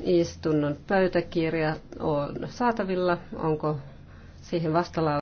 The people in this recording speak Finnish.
istunnon pöytäkirja on saatavilla. Onko siihen vastalaus?